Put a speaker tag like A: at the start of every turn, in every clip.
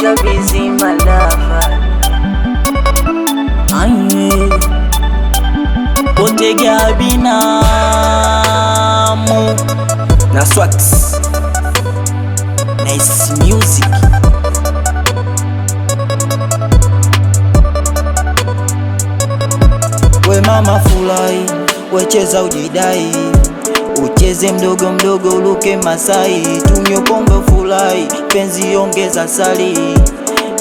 A: Abuja busy, my lover. Aye, wote Gabinamu na Swat, nice music. We mama, fulai, furahi, cheza ujidai Ongeze mdogo mdogo, uluke Masai, tumio pombe fulai, penzi ongeza sali,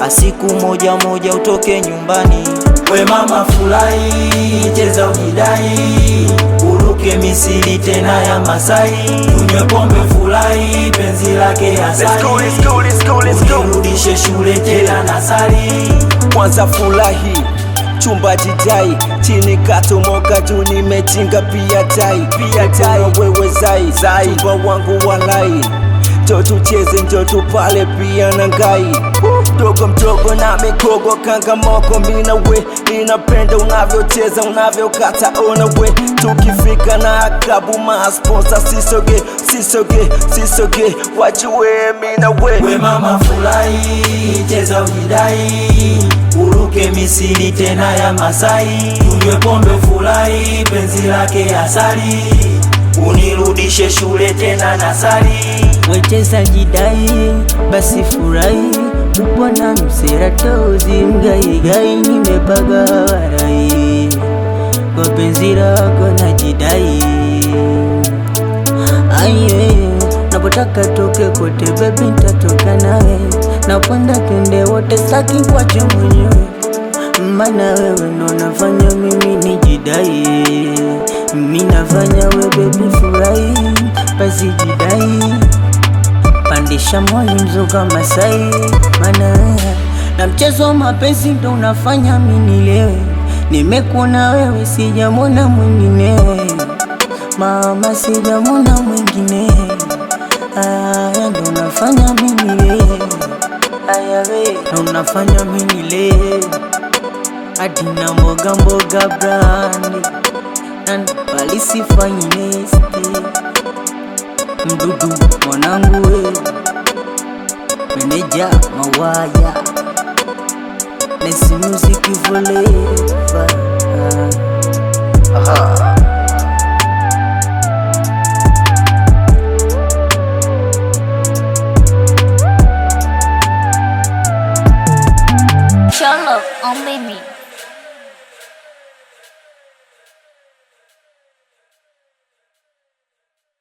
A: asiku moja moja utoke nyumbani.
B: We mama fulai, cheza ujidai, uluke misili tena ya Masai, tumio pombe fulai, penzi lake asali, urudishe shule tena na
C: sali, kwanza fulahi chumba jidai chini katomoka juu nimechinga pia tai pia tai wewe zai zai chumba wangu walai njo tucheze njo tupale pia na ngai dogo mdogo na mikogo moko mina we ninapenda unavyocheza unavyokata ona we tukifika na akabu masponsa sisoge sisoge sisoge wajue mina we
B: we mama fulai cheza ujidai Tuvuke misini tena ya Masai, tunywe pombe furahi, penzi lake asali, unirudishe shule tena nasari.
A: Wecheza jidai basi furahi, ubwana mseratozi mgaigai, nimebaga warai kwa penzi lako na jidai Aye, napotaka toke kote, bebi ntatoka nawe, napenda kende wote, saki kwache mwenyewe Mana wewe ndo nafanya mimi nijidai, mi nafanya baby furahi basi jidai, pandisha moyo mzuka Masai, mana wewe na mchezo mapenzi ndo unafanya minilewe, nimekuona wewe sijamona mwingine, mama sijamona mwingine, aya ndo unafanya minilewe, aya we ndo unafanya minilewe adina mboga mboga brandi and palisifanyi nesti mdudu mwanangu we meneja mawaya nesi musiki voleva Aha.